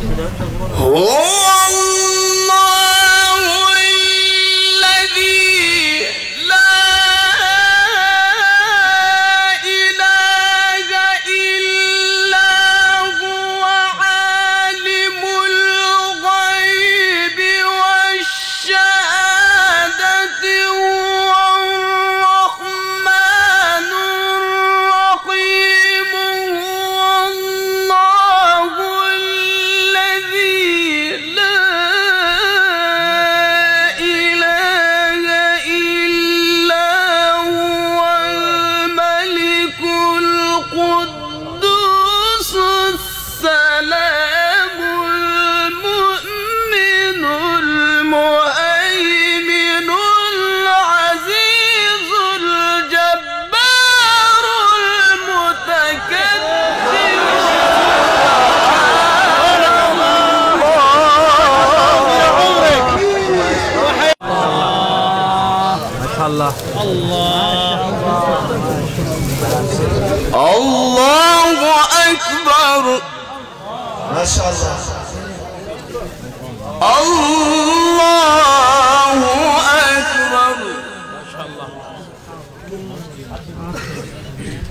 Oh! الله الله الله أكبر ما شاء الله الله أكبر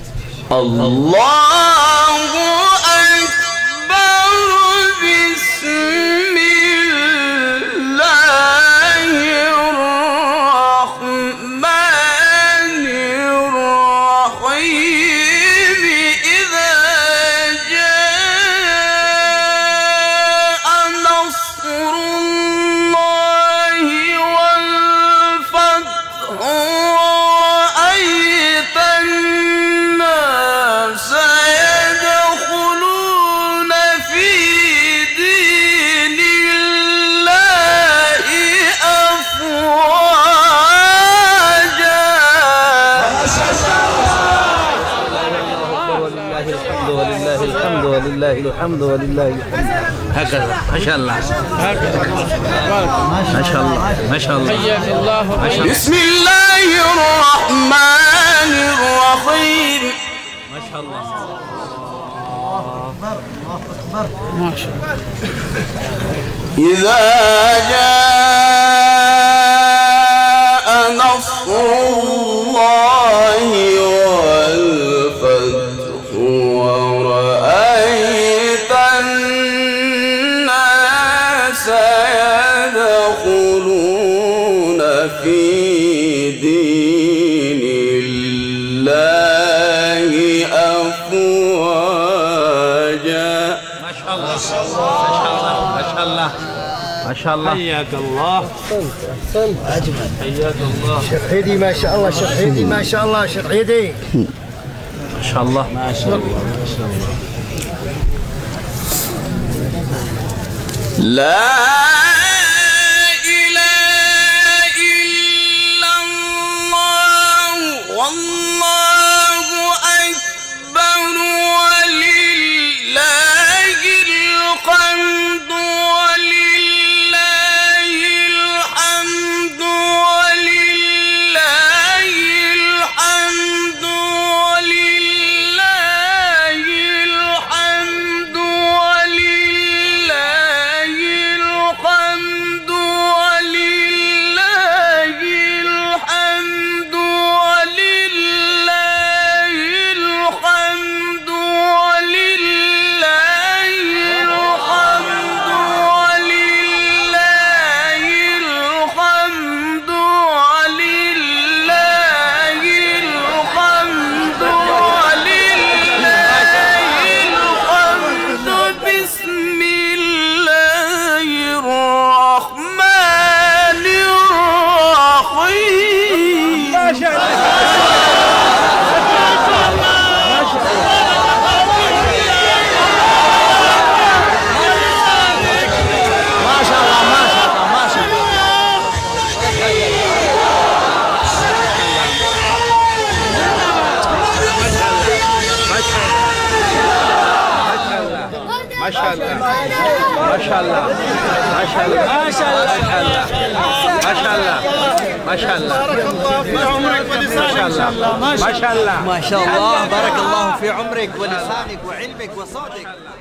الله ولله الحمد ولله الحمد ولله الحمد هكذا ما شاء الله هكذا ما شاء الله ما شاء الله الله بسم الله الرحمن الرحيم ما شاء الله الله اكبر الله اكبر ما شاء الله اذا جاء يدخلون في دين الله أفواجا ما شاء الله ما شاء الله ما شاء الله ما شاء الله حياك الله احسنت اجمل حياك الله شيخ حيدي ما شاء الله شيخ حيدي ما شاء الله شيخ حيدي ما شاء الله ما شاء الله ما شاء الله لا ما شاء الله ما شاء الله ما شاء الله ما شاء الله ما شاء الله ما شاء الله ما شاء الله ما شاء الله ما شاء الله بارك الله في عمرك ولسانك وعلمك وصوتك